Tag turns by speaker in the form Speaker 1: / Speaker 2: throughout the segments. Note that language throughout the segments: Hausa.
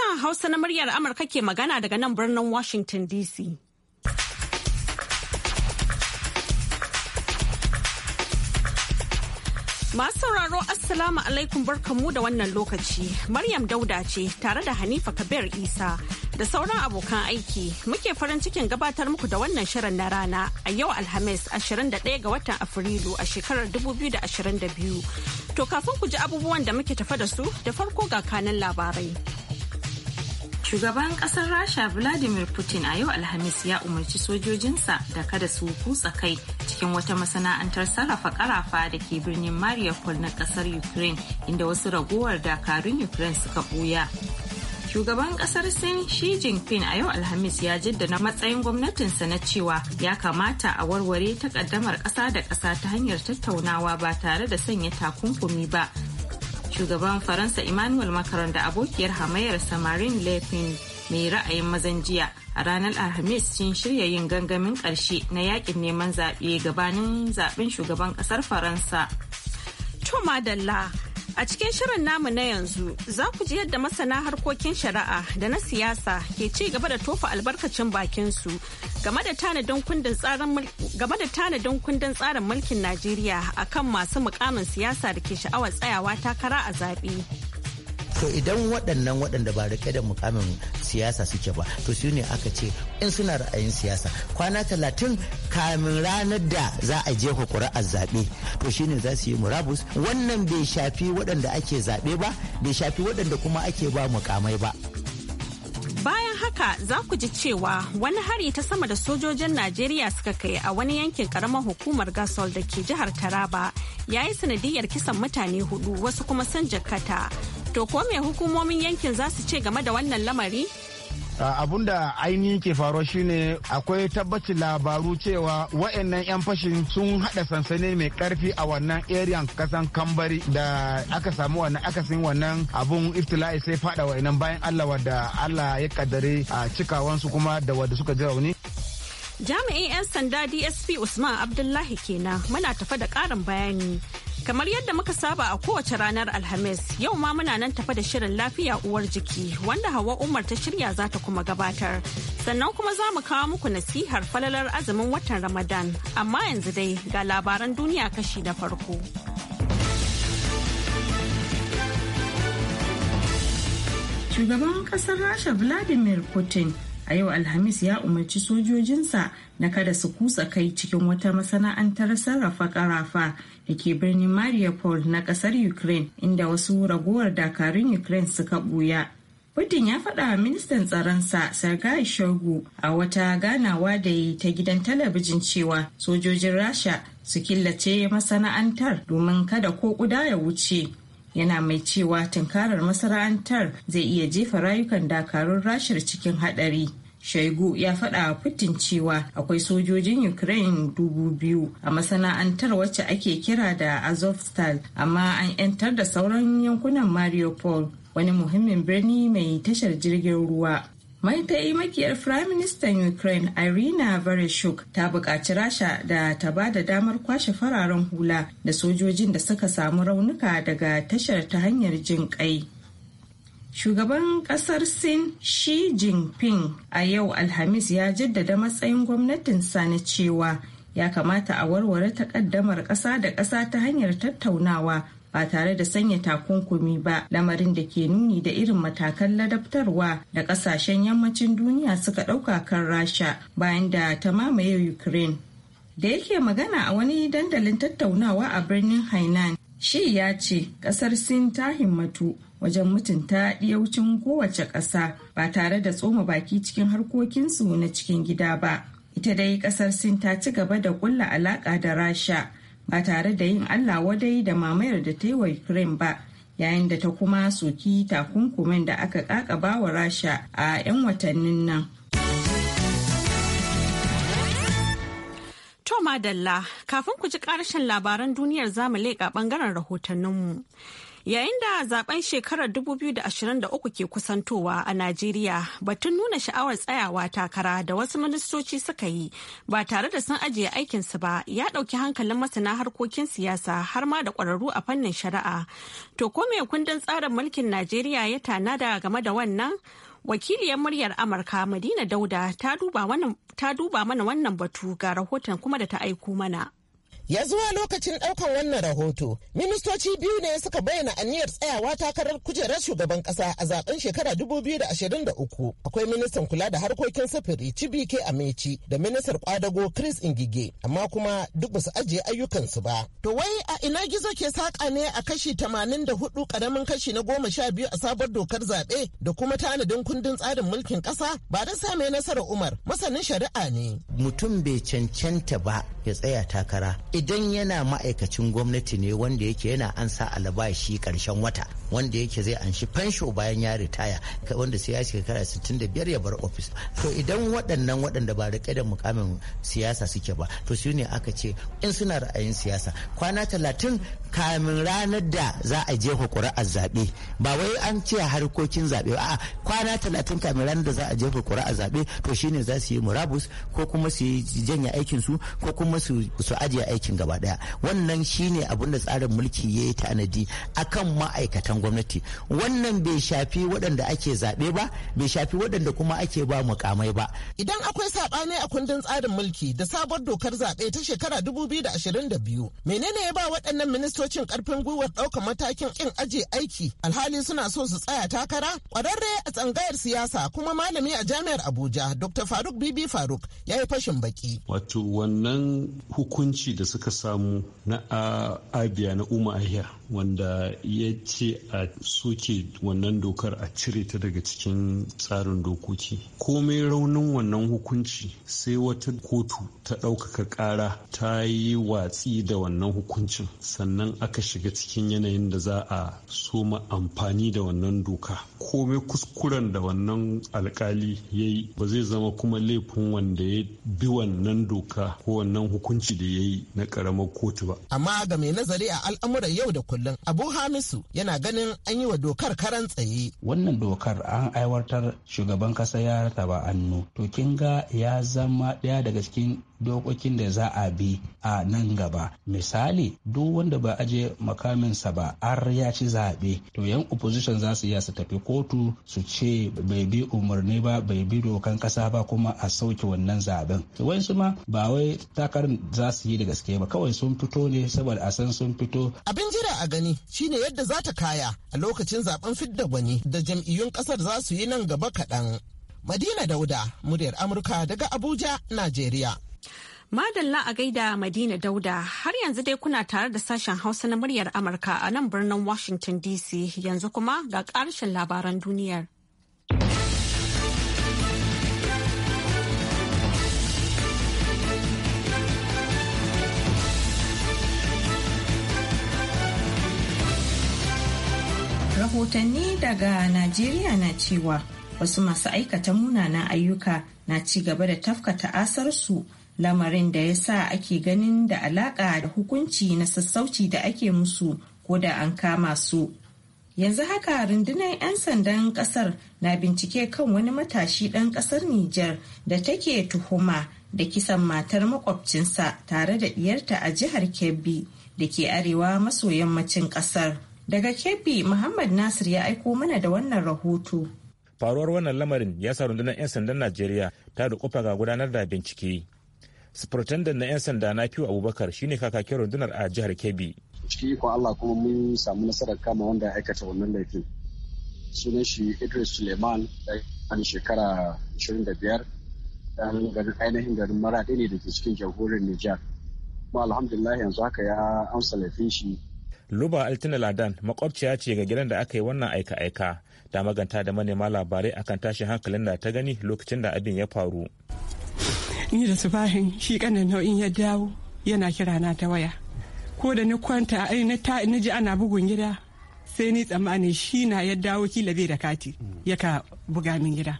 Speaker 1: Sashen Hausa na muryar Amurka ke magana daga nan birnin Washington DC. Masu sauraro Assalamu alaikum barkamu da wannan lokaci. Maryam Dauda ce tare da Hanifa Kabir Isa da sauran abokan aiki muke farin cikin gabatar muku da wannan shirin na rana a yau Alhamis 21 ga watan Afrilu a shekarar 2022. To kafin ku ji abubuwan da muke tafa da
Speaker 2: su da farko ga kanan labarai. Shugaban ƙasar Rasha Vladimir Putin a yau Alhamis ya umarci sojojinsa da kada su kutsa kai cikin wata masana'antar sarrafa karafa da ke birnin Mariupol na ƙasar Ukraine inda wasu ragowar dakarun Ukraine suka buya. Shugaban ƙasar Sin Xi Jinping a yau Alhamis ya jaddada matsayin gwamnatinsa na cewa ya kamata a warware takaddamar kasa da kasa ta hanyar tattaunawa ba tare da sanya takunkumi ba shugaban faransa emmanuel macron da abokiyar hamayar samarin le mai ra'ayin mazan jiya a ranar alhamis sun shirya yin gangamin ƙarshe na yakin neman zaɓe gabanin zaɓen shugaban ƙasar faransa to madalla A cikin shirin namu
Speaker 1: na yanzu za ku ji yadda masana harkokin shari'a da na siyasa ke ci gaba da tofa albarkacin bakinsu game da tanadin kundin tsarin mulkin Najeriya akan masu mukamin siyasa da ke sha'awar tsayawa takara a zaɓe.
Speaker 3: to idan waɗannan waɗanda ba rike da mukamin siyasa suke ba to su ne aka ce in suna ra'ayin siyasa kwana talatin kamin ranar da za a jefa ƙuri'ar zaɓe to shine za su yi murabus wannan bai shafi waɗanda ake zaɓe ba bai shafi waɗanda kuma ake ba mukamai ba
Speaker 1: bayan haka za ku ji cewa wani hari ta sama da sojojin najeriya suka kai a wani yankin karamar hukumar gasol da ke jihar taraba ya yi sanadiyar kisan mutane hudu wasu kuma sun jakata To ko me hukumomin yankin za su ce game da wannan lamari?
Speaker 4: abun da ainihin ke faruwa shine akwai tabbacin labaru cewa wa'annan 'yan fashin sun hada sansani mai karfi a wannan eriyan kasan kambari da aka samu wannan akasin wannan abun iftila'i sai fada wa'annan bayan allah wadda allah ya kaddare a cikawansu kuma da wadda suka ji rauni
Speaker 1: jami'in 'yan sanda dsp usman abdullahi kenan muna tafa da karin bayani Kamar yadda muka saba a kowace ranar Alhamis, yau ma muna nan tafa da shirin lafiya uwar jiki wanda Hawa Umar ta shirya za ta kuma gabatar. Sannan kuma za mu kawo muku nasihar falalar azumin watan Ramadan, amma yanzu dai ga labaran duniya kashi na farko.
Speaker 2: Shugaban kasar Rasha Vladimir Putin a yau alhamis ya umarci sojojinsa na kada su kusa kai cikin wata masana'antar sarrafa karafa da ke birnin mariupol na kasar ukraine inda wasu ragowar dakarun ukraine suka buya Putin ya faɗa wa ministan tsaronsa Sergei Shogu a wata ganawa da yi ta gidan talabijin cewa sojojin Rasha su killace masana'antar domin kada ko kuda ya wuce. Yana mai cewa tunkarar masana'antar zai iya jefa rayukan dakarun rashar cikin haɗari. Shaigu ya faɗa Putin cewa akwai sojojin Ukraine dubu biyu a masana'antar wacce ake kira da Azovstal amma an 'yantar da sauran yankunan Mariupol wani muhimmin birni mai tashar jirgin ruwa. Maitai makiyar Firaministan Ukraine Irina Vereshchuk ta buƙaci Rasha da ta ba da damar kwashe fararen hula da sojojin da suka samu raunuka daga tashar ta hanyar jin ƙai. Shugaban kasar Sin Xi Jinping a yau Alhamis ya jaddada matsayin gwamnatinsa na cewa ya kamata a warware takaddamar ƙasa da ƙasa ta hanyar tattaunawa ba tare da sanya takunkumi ba lamarin da ke nuni da irin matakan ladabtarwa da ƙasashen yammacin duniya suka ɗauka kan rasha bayan da ta mamaye ukraine da yake magana a wani dandalin tattaunawa a birnin hainan shi ya ce kasar sin ta himmatu wajen mutunta ɗiyaucin kowace ƙasa ba tare da tsoma baki cikin harkokinsu na cikin gida ba ita dai kasar sin ta ci gaba da kulla alaƙa da rasha ba tare da yin allah wadai da mamayar da ta yi wa ukraine ba yayin da ta kuma soki takunkumin da aka ƙaƙabawa wa rasha a 'yan watannin nan madalla kafin ku
Speaker 1: ji karshen labaran duniyar zamu leƙa bangaren rahotanninmu. Yayin da zaben shekarar 2023 ke kusantowa a Najeriya batun nuna sha'awar tsayawa takara da wasu ministoci suka yi ba tare da sun ajiye aikinsu ba ya ɗauki hankalin masana harkokin siyasa har ma da ƙwararru a fannin shari'a. To ko kundin tsarin mulkin Najeriya ya tana tanada game da wannan? Wakiliyar muryar Amurka Madina Dauda ta duba mana wannan batu ga rahoton kuma da ta aiko mana.
Speaker 5: Ya zuwa lokacin ɗaukan wannan
Speaker 2: rahoto,
Speaker 1: ministoci biyu ne suka bayyana aniyar tsayawa takarar
Speaker 5: kujerar shugaban ƙasa a zaben shekara 2023. Akwai ministan kula da harkokin sufuri Chibike Amechi da ministar kwadago Chris Ingige, amma kuma duk basu ajiye ayyukansu ba. To wai a ina gizo ke saƙa ne a kashi 84 ƙaramin kashi na goma sha biyu a sabon dokar zaɓe da kuma tanadin kundin tsarin mulkin ƙasa ba da sa mai nasarar Umar masanin shari'a ne.
Speaker 3: Mutum bai cancanta ba ya tsaya takara. idan yana ma'aikacin gwamnati ne wanda yake yana ansa sa albashi karshen wata wanda yake zai anshi fansho bayan ya ritaya wanda sai ya shekara 65 ya bar ofis to idan waɗannan waɗanda ba rike da mukamin siyasa suke ba to su ne aka ce in suna ra'ayin siyasa kwana talatin kamin ranar da za a jefa ƙuri'ar zaɓe ba wai an ce harkokin zaɓe a kwana talatin kamin ranar da za a jefa kuri'ar zaɓe to shine za su yi murabus ko kuma su yi janya aikin su ko kuma su ajiye aikin gaba daya wannan shine abin da tsarin mulki ya yi tanadi akan ma'aikatan gwamnati wannan bai shafi waɗanda ake zaɓe ba bai shafi waɗanda kuma ake ba mukamai ba
Speaker 5: idan akwai saɓani a kundin tsarin mulki da sabon dokar zaɓe ta shekara 2022 menene ya ba waɗannan minista gwamnatocin karfin gwiwar ɗaukar matakin ƙin aje aiki alhali suna so su tsaya takara kwararre a tsangayar siyasa kuma malami a jami'ar abuja dr faruk bibi faruk yayi fashin baki
Speaker 6: wato wannan hukunci da suka samu na ah, abiya na umahiya wanda ya ce a soke wannan dokar a cire ta daga cikin tsarin dokoki
Speaker 4: komai raunin
Speaker 6: wannan hukunci sai wata kotu ta ɗaukaka ƙara ta yi watsi da wannan hukuncin sannan idan aka shiga cikin yanayin da za a soma amfani da wannan doka komai kuskuren da wannan alkali ya yi ba zai zama kuma laifin wanda ya bi wannan doka ko wannan hukunci da ya yi na karamar kotu ba
Speaker 5: amma ga mai nazari a al'amuran yau da kullum abu hamisu yana ganin an yi wa
Speaker 7: dokar karan tsaye wannan dokar an aiwatar shugaban kasa ya rataba hannu to kin ga ya zama ɗaya daga cikin dokokin da za a bi a nan gaba misali duk wanda ba aje makaminsa ba har ya ci zaɓe to yan opposition za su iya su tafi kotu su ce bai bi umarni ba bai bi dokan kasa ba kuma a sauke wannan zaben wasu ma ba wai takarar za su yi da gaske ba kawai sun fito ne saboda a san sun fito
Speaker 5: abin jira a gani shine yadda za ta kaya a lokacin zaben fidda gwani da jam'iyyun kasar za su yi nan gaba kaɗan madina dauda muryar amurka daga abuja najeriya
Speaker 1: Madalla a gaida Madina Dauda har yanzu dai kuna tare da sashen Hausa na muryar Amurka a nan birnin Washington DC yanzu kuma ga ƙarshen labaran duniyar.
Speaker 2: Rahotanni daga Najeriya na cewa wasu masu aikata munanan ayyuka na ci gaba da tafka ta'asarsu lamarin da ya sa ake ganin da alaƙa da hukunci na sassauci da ake musu ko da an kama su. Yanzu haka rundunar 'yan sandan ƙasar na bincike kan wani matashi ɗan ƙasar Nijar da take tuhuma da kisan matar makwabcinsa tare da ɗiyarta a jihar Kebbi da ke arewa maso yammacin ƙasar. Daga Kebbi, Muhammad Nasir ya aiko mana da wannan rahoto.
Speaker 6: Faruwar wannan lamarin ya sa rundunar 'yan sandan Najeriya ta da ga gudanar da bincike. Sufurtandan na 'yan sanda na fiwa Abubakar shine kakakin rundunar a jihar Kebbi.
Speaker 8: Cikin iko Allah kuma mun samu nasarar kama wanda ya aikata wannan laifin. Sunan shi Idris Suleiman ɗan shekara 25 dan garin ainihin garin Maraɗi ne da ke cikin jamhuriyar Nijar. Kuma alhamdulillah yanzu haka ya amsa laifin shi.
Speaker 6: Luba Altina Ladan makwabciya ce ga gidan da aka yi wannan aika-aika. da maganta da manema labarai akan tashin hankalin da ta gani lokacin da abin ya faru.
Speaker 5: ni da subahin shi kanan nau'in ya dawo yana kira na ta waya ko da ni kwanta a na ji ana bugun gida sai ni tsammani shi na ya dawo kila bai da kati ya ka buga min gida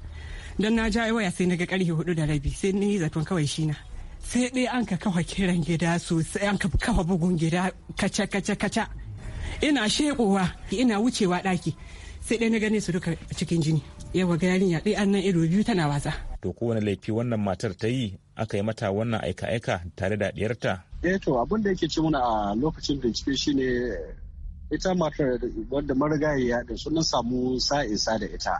Speaker 5: don na ja waya sai na ga karfe hudu da rabi sai ni zaton kawai shi na sai dai an ka kawa kiran gida sosai an ka kawa bugun gida kaca kaca kaca ina shekowa ina wucewa daki sai dai na gane su duka cikin jini yawa ga yarinya ɗaya annan ido biyu tana wasa.
Speaker 6: To kowane laifi wannan matar ta yi aka yi mata wannan aika-aika tare da ɗiyarta.
Speaker 8: Eh to abin da yake ci mana a lokacin bincike ne ita matar wadda ya da sunan samu sa'isa da ita.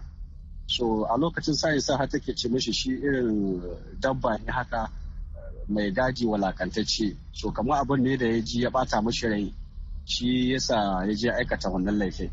Speaker 8: So a lokacin sa'isa har take ce mishi shi irin dabba ne haka mai daji walakantacce. So kamar abin ne da ya ji ya ɓata mishi rai shi yasa ya je aikata wannan laifin.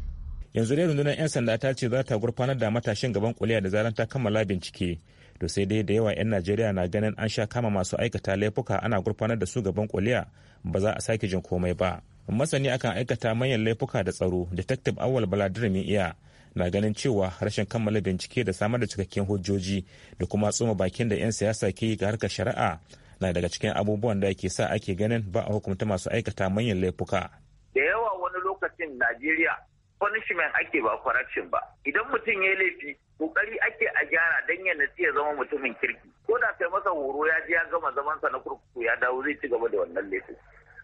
Speaker 8: yanzu dai
Speaker 6: rundunar 'yan sanda ta ce za ta gurfanar da matashin gaban kuliya da zaran ta kammala bincike to sai dai da yawa 'yan najeriya na ganin an sha kama masu aikata laifuka ana gurfanar da su gaban kuliya ba za a sake jin komai ba masani akan aikata manyan laifuka da tsaro detective awal baladir iya na ganin cewa rashin kammala bincike da samar da cikakken hujjoji da kuma tsoma bakin da 'yan siyasa ke yi ga harkar shari'a na daga cikin abubuwan da ke sa ake ganin ba a hukunta masu aikata manyan laifuka
Speaker 8: da yawa wani lokacin najeriya punishment ake ba correction ba idan mutum ya laifi kokari ake a gyara dan ya natsi ya zama mutumin kirki ko da sai masa horo ya ji ya gama zamansa na kurkuku ya dawo zai ci gaba da wannan laifin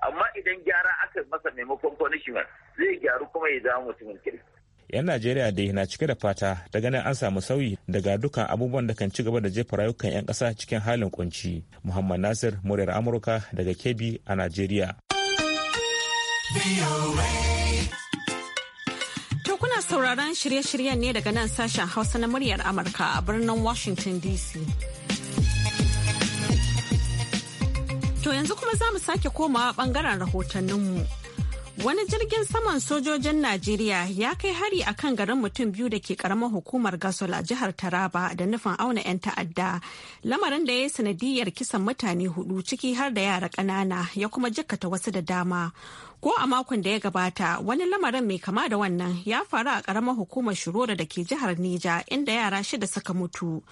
Speaker 8: amma idan gyara aka masa maimakon punishment zai gyaru kuma ya zama mutumin kirki
Speaker 6: 'yan najeriya dai na cike da fata da ganin an samu sauyi daga dukkan abubuwan da kan ci gaba da jefa rayukan 'yan kasa cikin halin kunci muhammad nasir muryar amurka daga kebbi a najeriya
Speaker 1: sauraron shirye-shiryen ne daga nan sashen Hausa na muryar Amurka a birnin Washington DC. To yanzu kuma za mu sake komawa bangaren rahotanninmu. Wani jirgin saman sojojin Najeriya ya kai hari a kan garin mutum biyu da ke karamar hukumar Gasol a jihar Taraba da nufin auna 'yan ta'adda. Lamarin da ya yi sanadiyar kisan mutane hudu ciki har da yara ƙanana ya kuma jikkata wasu da dama. Ko a makon da ya gabata wani lamarin mai kama da wannan ya faru a karamar hukumar Shirora da ke jihar Nija inda yara shida suka mutu.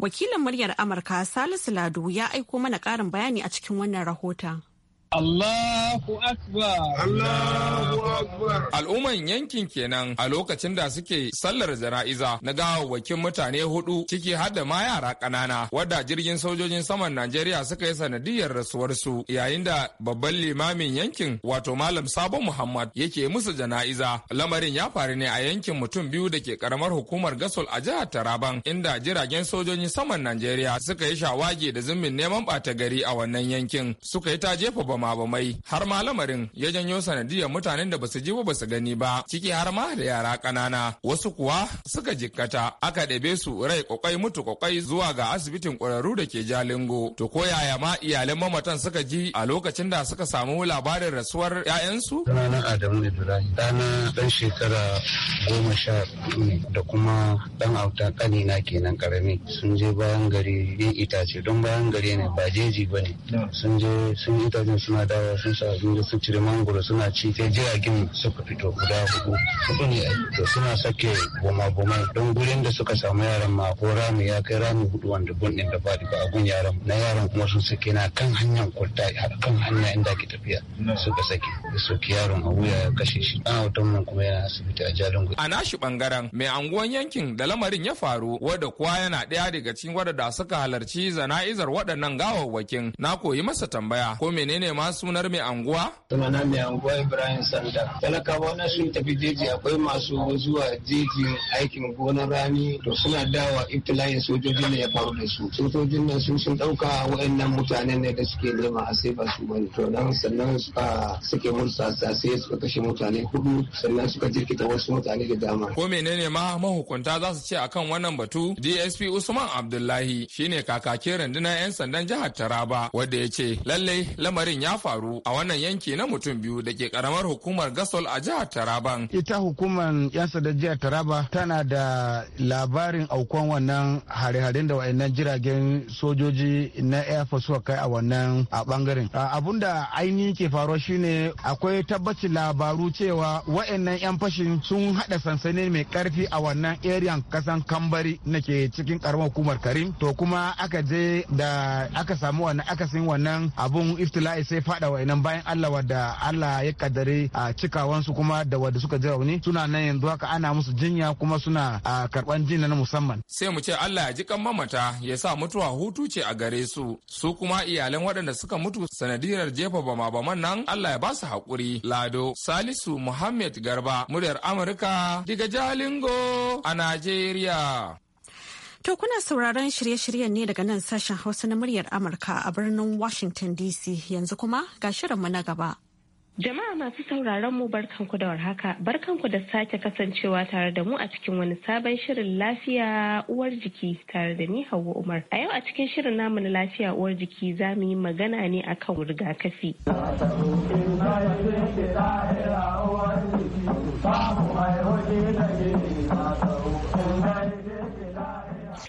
Speaker 1: Wakilin muryar Amurka Salisu Ladu ya aiko mana ƙarin bayani a cikin wannan rahoton.
Speaker 9: Allahu Akbar. Allahu Akbar. Al'umman yankin kenan a lokacin da suke sallar jana'iza na gawawwakin mutane hudu ciki har ma yara ƙanana wadda jirgin sojojin saman Najeriya suka yi sanadiyar rasuwarsu yayin da babban limamin yankin wato Malam Sabon Muhammad yake musu jana'iza. Lamarin ya faru ne a yankin mutum biyu da ke karamar hukumar Gasol a jihar Taraban inda jiragen sojojin saman Najeriya suka yi shawage da zumbin neman ɓata gari a wannan yankin suka yi ta jefa ba mai har ma lamarin ya janyo sanadiyar mutanen da basu ji ba basu gani ba ciki har ma da yara ƙanana wasu kuwa suka jikkata aka ɗebe su rai kokai mutu kokai zuwa ga asibitin ƙwararru da ke Jalingo to ko yaya ma iyalan mamatan suka ji a lokacin da suka samu labarin rasuwar ƴaƴansu
Speaker 4: Sunana Adamu Ibrahim ɗana ɗan shekara goma sha da kuma ɗan auta ƙanina kenan ƙarami sun je bayan gari yin itace don bayan gari ne ba jeji ba ne sun je sun yi itacen suna dawo sun sa da sun cire mangoro suna ci sai jiragen suka fito guda hudu hudu ne da suna sake boma-bomai don gurin da suka samu yaran ma ko rami ya kai rami hudu wanda bun din da ba da abun yaran na yaran kuma sun sake na kan hanyar kwalta kan hanya inda ke tafiya suka sake da soki yaron a wuya ya kashe shi an hoton mun kuma yana asibiti a jalingo. a
Speaker 9: nashi bangaren mai anguwan yankin da lamarin ya faru wadda kuwa yana ɗaya daga cikin wadda suka halarci zana'izar waɗannan gawawwakin na koyi masa tambaya ko menene ma sunar mai anguwa?
Speaker 4: Sunana mai anguwa Ibrahim Sanda. Talakawa na sun tafi jeji akwai masu zuwa jeji aikin gonar rani to suna dawa iftila'in sojojin ne ya faru da su. Sojojin nan sun sun ɗauka wa'annan mutanen ne da suke nema a sai ba su bane. To nan sannan suka suke sai suka kashe mutane hudu sannan suka jirkita wasu mutane da dama. Ko
Speaker 9: menene ma mahukunta za su ce akan wannan batu? DSP Usman Abdullahi shine kakakin rundunar 'yan sandan jihar Taraba wanda ya ce lallai lamarin ya ya faru a wannan yanki na mutum biyu da ke karamar hukumar gasol a jihar taraban
Speaker 4: ita hukumar yan sadar jihar taraba tana da labarin aukon wannan hare-haren da wayannan jiragen sojoji na air force suka kai a wannan a bangaren abun da ainihin ke faruwa shine akwai tabbacin labaru cewa wayannan yan fashin sun hada sansani mai karfi a wannan area kasan kambari na ke cikin karamar hukumar karim to kuma aka je da aka samu wannan akasin wannan abun iftila'i sai ya fada wa'inan bayan Allah wadda Allah ya kaddare a cikawansu kuma da wadda suka ji rauni suna nan yanzu haka ana musu jinya kuma suna a karban jinya na musamman.
Speaker 9: Sai mu ce Allah ya ji kan mamata ya sa mutuwa hutu ce a gare su su kuma iyalan waɗanda suka mutu sanadiyar jefa bama baman nan Allah ya ba su haƙuri. Lado Salisu Muhammad Garba muryar Amurka diga Jalingo a Najeriya. To kuna sauraron shirye-shiryen ne daga nan
Speaker 1: sashen Hausa na muryar Amurka a birnin Washington DC yanzu kuma ga shirinmu na gaba.
Speaker 10: Jama'a masu sauraron mu barkanku da warhaka, barkanku da sake kasancewa tare da mu a cikin wani sabon shirin lafiya uwar jiki tare da ni Hauwa Umar. A yau a cikin shirin namu na lafiya uwar jiki za mu yi magana ne akan rigakafi.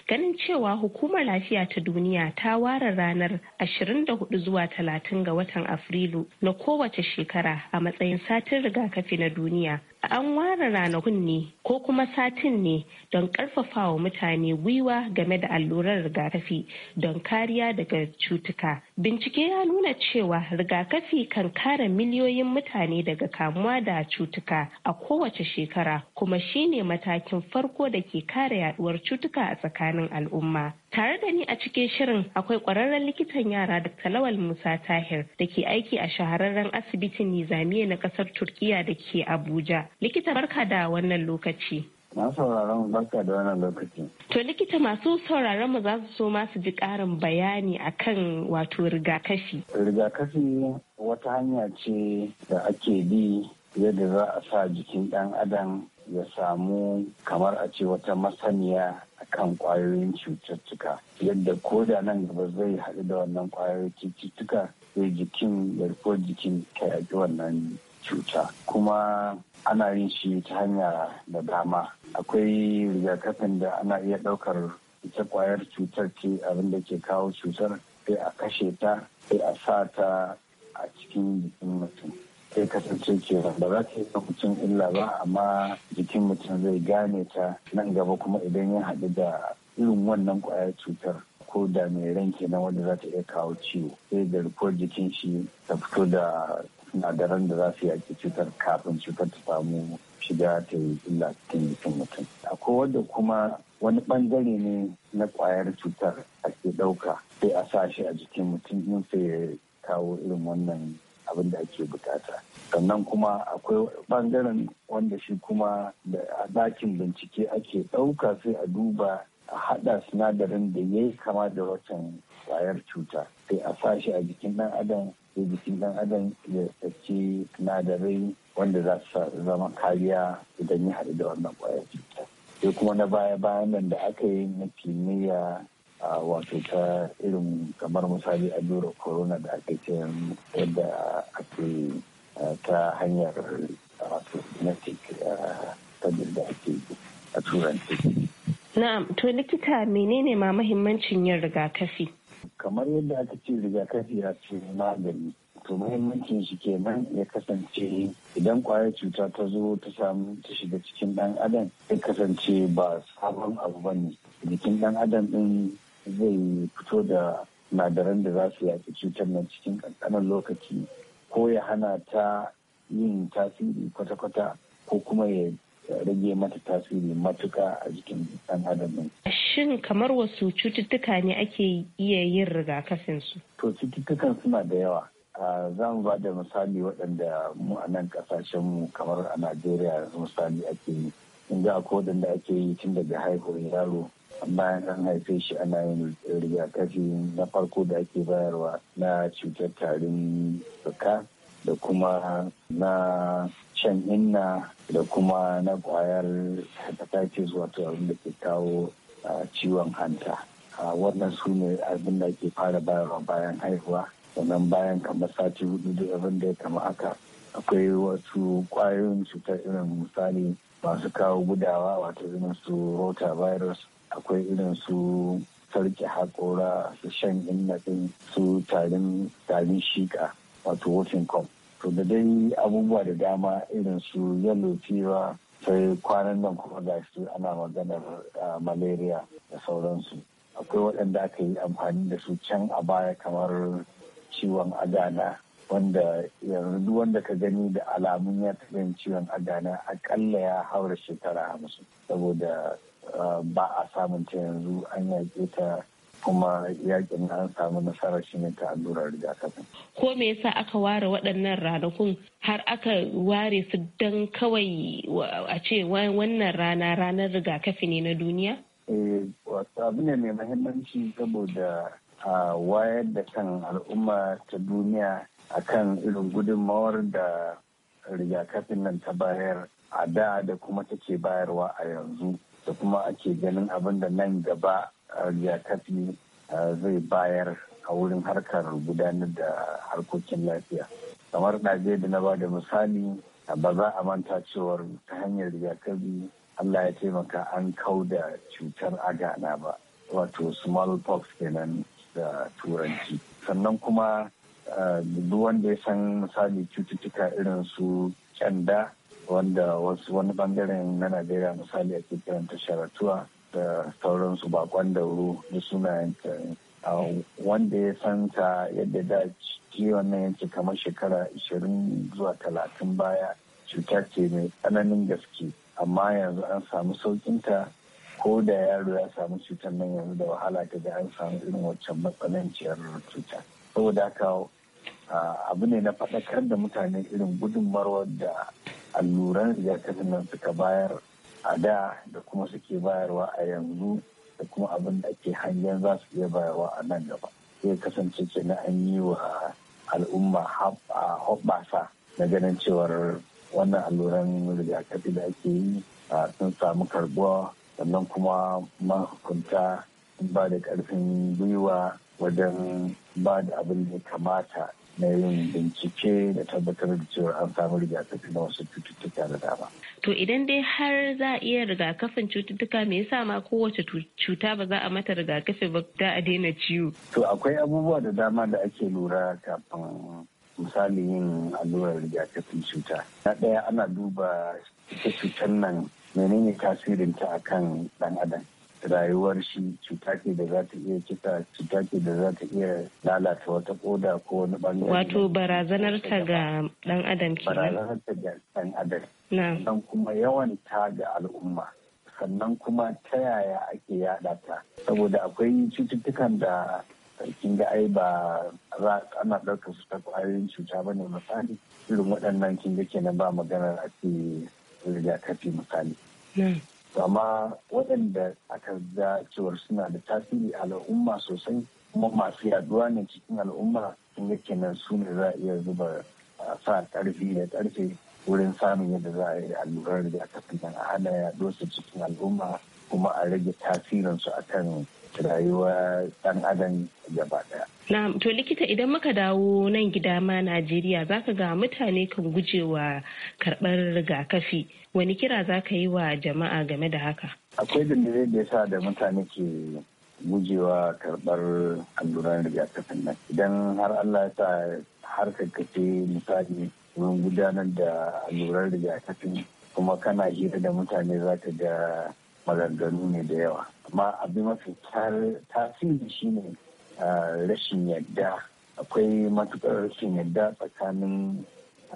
Speaker 10: ganin cewa hukumar lafiya ta duniya ta ware ranar 24 zuwa 30 ga watan afrilu na kowace shekara a matsayin satin rigakafi na duniya an ware ranakun ne ko kuma satin ne don karfafa wa mutane gwiwa game da allurar rigakafi don kariya daga cutuka bincike ya nuna cewa rigakafi kan kare miliyoyin mutane daga kamuwa da cutuka a kowace shekara kuma shine matakin farko da ke kare yaduwar cutuka a tsakanin al'umma Tare da ni a cikin shirin akwai kwararren likitan yara Dr. Lawal Musa Tahir da ke aiki a shahararren asibitin Nizamiya na ƙasar Turkiya da ke Abuja. Likita barka da wannan lokaci.
Speaker 8: Na sauraron barka da wannan lokaci.
Speaker 10: To likita masu sauraron mu za su so masu ji ƙarin bayani akan wato rigakafi.
Speaker 8: Rigakafi wata hanya ce da ake bi yadda za a sa jikin ɗan adam ya samu kamar a ce wata masaniya kan kwayoyin cututtuka yadda ko da nan gaba zai haɗu da wannan kwayoyin cututtuka sai jikin garkuwar jikin ta yaƙi wannan cuta kuma ana yin shi ta hanya da dama akwai rigakafin da ana iya ɗaukar ita kwayar cutar ce abin da ke kawo cutar sai a kashe ta sai a sa ta a cikin jikin mutum sai kasance ke ba za ta yi mutum illa ba amma jikin mutum zai gane ta nan gaba kuma idan ya haɗu da irin wannan kwayar cutar ko da mai ran kenan wanda za ta iya kawo ciwo sai da rufuwar jikin shi ta fito da sinadaran da za su yaƙi cutar kafin cutar ta samu shiga ta yi illa cikin jikin mutum akwai wanda kuma wani bangare ne na kwayar cutar ake ɗauka sai a sa shi a jikin mutum sai ya kawo irin wannan abin da ake bukata sannan kuma akwai bangaren wanda shi kuma da a dakin bincike ake ɗauka sai a duba a haɗa sinadarin da ya yi kama da watan kwayar cuta sai a sashi a jikin ɗan adam sai jikin ɗan adam ya tsaki sinadarai wanda za su zama kariya idan ya haɗu da wannan kwayar cuta sai kuma na baya bayan nan da aka yi na kimiyya wato ta irin kamar misali allurar corona da ake ce yadda ake ta hanyar wato genetic ta da ake a turanci.
Speaker 10: Na'am, to likita menene ma mahimmancin yin rigakafi?
Speaker 8: Kamar yadda aka ce rigakafi ya ce magani, to mahimmancin shi kenan ya kasance idan kwayar cuta ta zo ta samu ta shiga cikin dan adam ya kasance ba sabon abu ba ne. Jikin dan adam din zai fito da sinadaran da za su yaƙi cutar nan cikin ƙanƙanin lokaci ko ya hana ta yin tasiri kwata-kwata ko kuma ya rage mata tasiri matuka a jikin ɗan adam
Speaker 10: Shin kamar wasu cututtuka ne ake iya yin rigakafin su?
Speaker 8: To cututtukan suna da yawa. Za mu ba da misali waɗanda mu a nan mu kamar a Najeriya misali ake yi. Inda akwai waɗanda ake yi tun daga haihuwar yaro bayan an haife shi ana yin rigakafi na farko da ake bayarwa na cutar tarin fuka da kuma na shan inna da kuma na kwayar hepatitis wato abin da ke kawo ciwon hanta wannan su ne abin da ke fara bayarwa bayan haihuwa sannan bayan kamar sati hudu da abin da ya kama aka akwai wasu kwayoyin cutar irin misali masu kawo gudawa wato irin su rota virus akwai irin su sarki haƙora su shan inna ɗin su tarin tarin shika wato wofin kom to da dai abubuwa da dama irin su yellow fever sai kwanan nan kuma ga su ana maganar malaria da sauransu akwai waɗanda aka yi amfani da su can a baya kamar ciwon agana wanda yanzu wanda ka gani da alamun ya taɓa ciwon agana akalla ya haura shekara hamsin saboda ba a samun ta yanzu an yaƙe ta kuma yakin an samu nasarar shi ne ta allurar rigakafin.
Speaker 10: Ko me yasa aka ware waɗannan ranakun har aka ware su don kawai a ce wannan rana ranar rigakafi ne na duniya?
Speaker 8: Eh, abu ne mai mahimmanci saboda a wayar da kan al'umma ta duniya akan irin gudunmawar da rigakafin nan ta bayar a da da kuma take bayarwa a yanzu. da kuma ake ganin abin da nan gaba riyakafi zai bayar a wurin harkar gudanar da harkokin lafiya kamar ɗaje da na ba da misali ba za a manta cewar ta hanyar riyakafi allah ya taimaka an kau da cutar agana ba wato smallpox kenan da turanci sannan kuma duk wanda ya san misali cututtuka irin su kyanda wanda wasu wani bangaren na najeriya misali ake karanta sharatuwa da sauransu bakon dauro da sunayen wanda ya santa yadda da ciki wannan yake kamar shekara 20 zuwa talatin baya cuta ce mai tsananin gaske amma yanzu an samu saukinta ko da yaro ya samu cutar nan yanzu da wahala ta da an samu irin waccan matsananciyar cuta saboda haka abu ne na faɗakar da mutane irin gudunmawar da alluran rigakafin nan suka bayar a da da kuma suke bayarwa a yanzu da kuma abin da ake hanyar za su iya bayarwa a nan gaba zai kasance na an yi wa al'umma hoɓɓasa na ganin cewar wannan alluran rigakafi da ake yi sun samu karbuwa sannan kuma mahukunta ba da karfin gwiwa wajen ba da abin da ya kamata na yin bincike da tabbatar da cewa an samu rigakafi na wasu cututtuka da dama.
Speaker 10: To idan dai har za a iya rigakafin cututtuka me yasa ma kowace cuta ba za a mata rigakafi ba ta a daina ciwo?
Speaker 8: To akwai abubuwa da dama da ake lura kafin misali yin allurar rigakafin cuta. Na ɗaya ana duba ita cutar nan menene tasirinta akan ɗan adam. rayuwar shi cuta ce da za ta iya kisa cuta ce da za ta iya lalata wata koda ko wani bangare wato
Speaker 10: barazanar ta ga dan adam ke barazanar
Speaker 8: ta ga dan adam sannan kuma yawan ta ga al'umma sannan kuma ta yaya ake yada ta saboda akwai cututtukan da kin ga ai ba za ana ɗaukar su ta kwayoyin cuta ba ne misali irin waɗannan kin ga kenan ba maganar a ce rigakafi misali amma waɗanda aka ga cewar suna da tasiri a al'umma sosai kuma masu yaduwa ne cikin al'umma sun ga kenan su ne za a iya zuba sa ƙarfi da ƙarfe wurin samun yadda za a yi allurar da aka fi a hana yaduwa su cikin al'umma kuma a rage tasirinsu kan. rayuwa ɗan adam gaba ɗaya.
Speaker 10: Na to likita idan muka dawo nan gida ma Najeriya za ka ga mutane kan gujewa karɓar rigakafi wani kira za ka yi wa jama'a game da haka?
Speaker 8: Akwai dalilai da yasa da mutane ke gujewa karɓar alluran rigakafin nan idan har Allah ya sa har kakkace misali wurin gudanar da alluran rigakafin kuma kana hira da mutane za ka ga maganganu ne da yawa amma abu mafi tasiri shine ah, rashin yadda akwai matukar rashin yadda tsakanin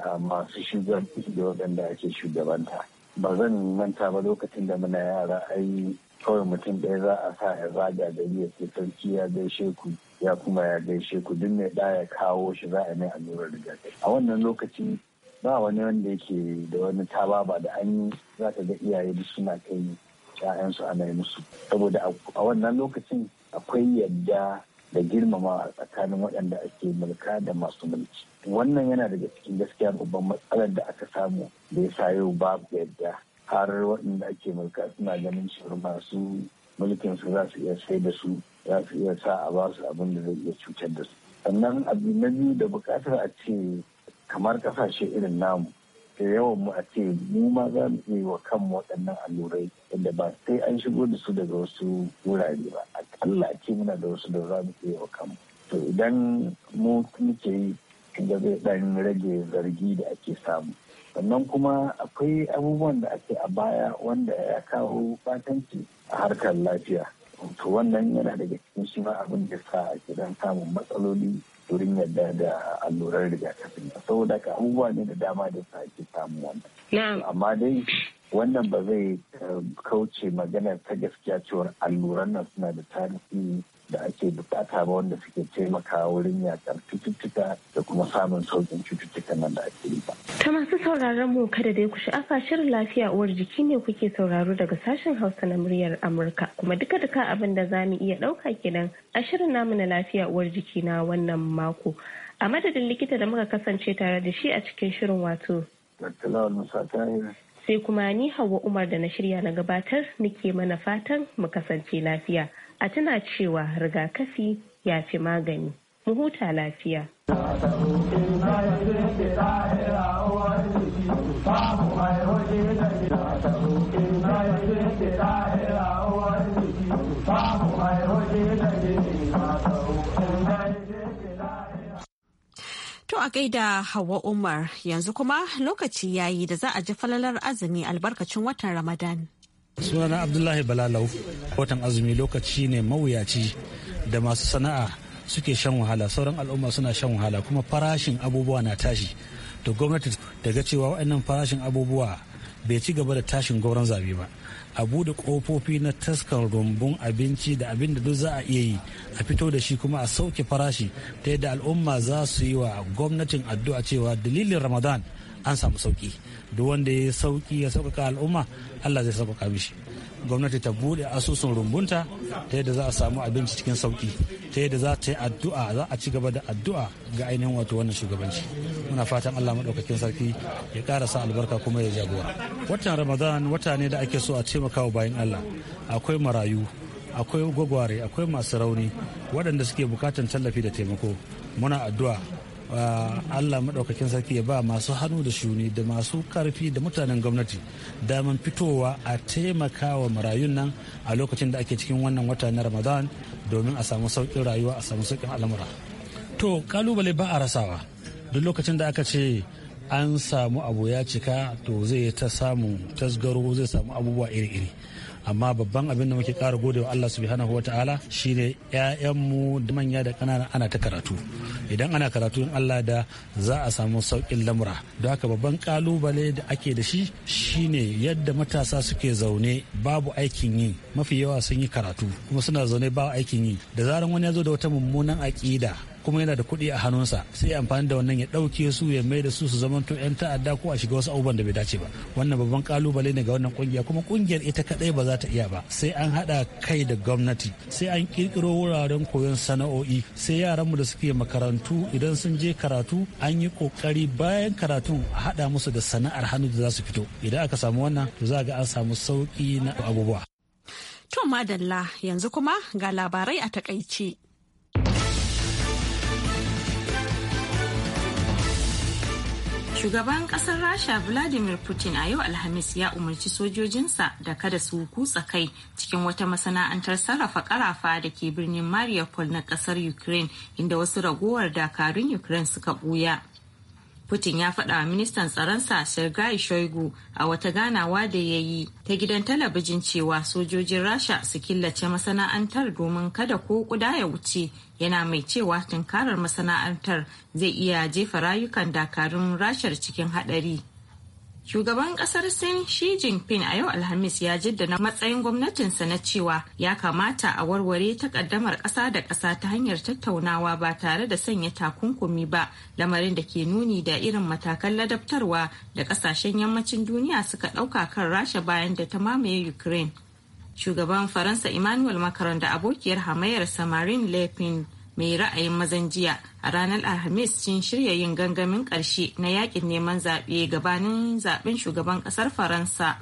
Speaker 8: ah, masu shugabanci da waɗanda ake shugabanta ba zan manta ba lokacin da muna yara ai kawai mutum ɗaya za a sa ya zaga da ya ce sarki ya gaishe ku ya kuma ya gaishe ku duk mai ɗaya kawo shi za a mai allurar rigakafi a wannan lokaci ba wani wanda yake da wani tababa da an yi za ka ga iyaye duk suna kai 'ya'yansu ana yi musu saboda a wannan lokacin akwai yadda da girmama a tsakanin waɗanda ake mulka da masu mulki wannan yana daga cikin gaskiya babban matsalar da aka samu da ya sa yau babu yadda har waɗanda ake mulka suna ganin shi masu mulkin su za su iya sai da su za su iya sa a basu abin da zai iya cutar da su sannan abu na biyu da buƙatar a ce kamar ƙasashe irin namu da yawan mu a ce mu ma za mu iya wa kanmu waɗannan allurai inda ba sai an shigo da su daga wasu wurare ba akalla ce muna da wasu da za mu iya wa kan to idan mu muke yi da zai ɗan rage zargi da ake samu sannan kuma akwai abubuwan da ake a baya wanda ya kawo fatanci a harkar lafiya to wannan yana daga cikin shi ma abin da sa ake dan samun matsaloli wurin yadda da allurar rigakafi saboda ka abubuwa ne da dama da sa ake samu wannan amma dai wannan ba zai eh, kauce maganar ta gaskiya cewar alluran nan suna da tarihi da ake bukata ba wanda suke taimakawa wurin yakar cututtuka da kuma samun sauƙin cututtuka nan da ake yi ba.
Speaker 10: Ta masu sauraron mu kada dai ku sha'afa shirin lafiya uwar jiki ne kuke sauraro daga sashen Hausa na muryar Amurka kuma duka duka abin da za mu iya ɗauka kenan a shirin namu na lafiya uwar jiki na wannan mako. A madadin likita da muka kasance tare da shi a cikin shirin wato. Sai kuma ni Hauwa Umar da na shirya na gabatar nike mana fatan mu kasance lafiya. a tana cewa rigakafi ya fi magani mu huta lafiya
Speaker 1: To a gaida Hauwa Umar yanzu kuma lokaci yayi da za a ji falalar azumi albarkacin watan Ramadan.
Speaker 7: sunana abdullahi balalau watan azumi lokaci ne mawuyaci da masu sana'a suke shan wahala sauran al'umma suna shan wahala kuma farashin abubuwa na tashi to gwamnati daga cewa wa'annan farashin abubuwa bai ci gaba da tashin gauran zabe ba a bude kofofi na taskar rumbun abinci da abin da duk za a iya yi a fito da shi kuma a sauke farashi ta yadda al'umma za su yi wa gwamnatin addu'a cewa dalilin ramadan an samu sauki duk wanda ya sauki ya sauƙaƙa al'umma allah zai sauƙaƙa mishi gwamnati ta bude asusun rumbunta ta yadda za a samu abinci cikin sauki ta yadda za ta yi addu'a za a ci gaba da addu'a ga ainihin wato wannan shugabanci muna fatan allah maɗaukakin sarki ya sa albarka kuma ya jagora watan ramadan wata ne da ake so a taimakawa bayan allah akwai marayu akwai gwagware akwai masu rauni waɗanda suke bukatan tallafi da taimako muna addu'a allah maɗaukakin sarki ya ba masu hannu da shuni da masu ƙarfi da mutanen gwamnati daman fitowa a taimaka wa marayun nan a lokacin da ake cikin wannan wata na ramadan domin a samu sauƙin rayuwa a samu sauƙin al'amura to kalubale ba a rasawa duk lokacin da aka ce an samu abu ya cika to zai ta samu tasgaro zai samu abubuwa iri-iri amma babban abin da muke kara gode wa Allah subhanahu wa ta'ala shine ƴaƴanmu da manya da ƙanana ana ta karatu idan ana karatu in Allah da za a samu sauƙin lamura don haka babban kalubale da ake da shi shine yadda matasa suke zaune babu aikin yi mafi yawa sun yi karatu kuma suna zaune babu aikin yi da zaran wani ya zo da wata mummunan aƙida kuma yana da kuɗi a hannunsa sai ya amfani da wannan ya ɗauke su ya mai da su su zama to 'yan ta'adda ko a shiga wasu abubuwan da bai dace ba wannan babban kalubale ne ga wannan kungiya kuma kungiyar ita kaɗai ba za ta iya ba sai an haɗa kai da gwamnati sai an kirkiro wuraren koyon sana'o'i sai yaran mu da suke makarantu idan sun je karatu an yi kokari bayan karatun a haɗa musu da sana'ar hannu da za su fito idan aka samu wannan to za ga an samu sauƙi na abubuwa.
Speaker 1: To madalla yanzu kuma ga labarai a takaice.
Speaker 2: Shugaban kasar Rasha Vladimir Putin a yau Alhamis ya umarci sojojinsa da kada su kutsa kai cikin wata masana'antar sarrafa karafa da ke birnin Mariupol na kasar Ukraine inda wasu ragowar dakarun Ukraine suka buya. Putin ya faɗa ministan tsaronsa Sergei Shoigu a wata ganawa da ya yi ta gidan talabijin cewa sojojin Rasha su killace masana'antar domin kada ko kuda ya wuce yana mai cewa tunkarar masana'antar zai iya jefa rayukan dakarun rashar cikin haɗari. Shugaban kasar Sin Xi Jinping a yau Alhamis ya jaddada matsayin gwamnatinsa na cewa ya kamata a warware takaddamar ƙasa da ƙasa ta hanyar tattaunawa ba tare da sanya takunkumi ba lamarin da ke nuni da irin matakan ladabtarwa da ƙasashen yammacin duniya suka ɗauka kan rasha bayan da ta mamaye Ukraine. Shugaban Faransa Emmanuel Macron da abokiyar hamayar Samarin Le Pen mai ra'ayin mazan jiya a ranar alhamis sun shirya yin gangamin ƙarshe na yakin neman zaɓe gabanin zaɓen shugaban ƙasar faransa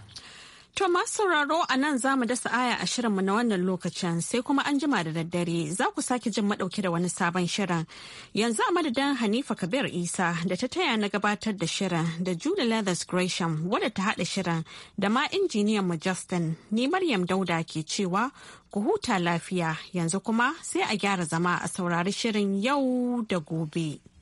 Speaker 2: To masu sauraro a nan za
Speaker 1: mu dasa aya a shirinmu na wannan lokacin sai kuma an jima da daddare za ku sake jin maɗauke da wani sabon shirin. Yanzu a madadin Hanifa Kabir Isa da ta taya na gabatar da shirin da Julie Leathers Gresham wadda ta haɗa shirin da ma injiniyan mu Justin ni Maryam Dauda ke cewa ku huta lafiya yanzu kuma sai a gyara zama a saurari shirin yau da gobe.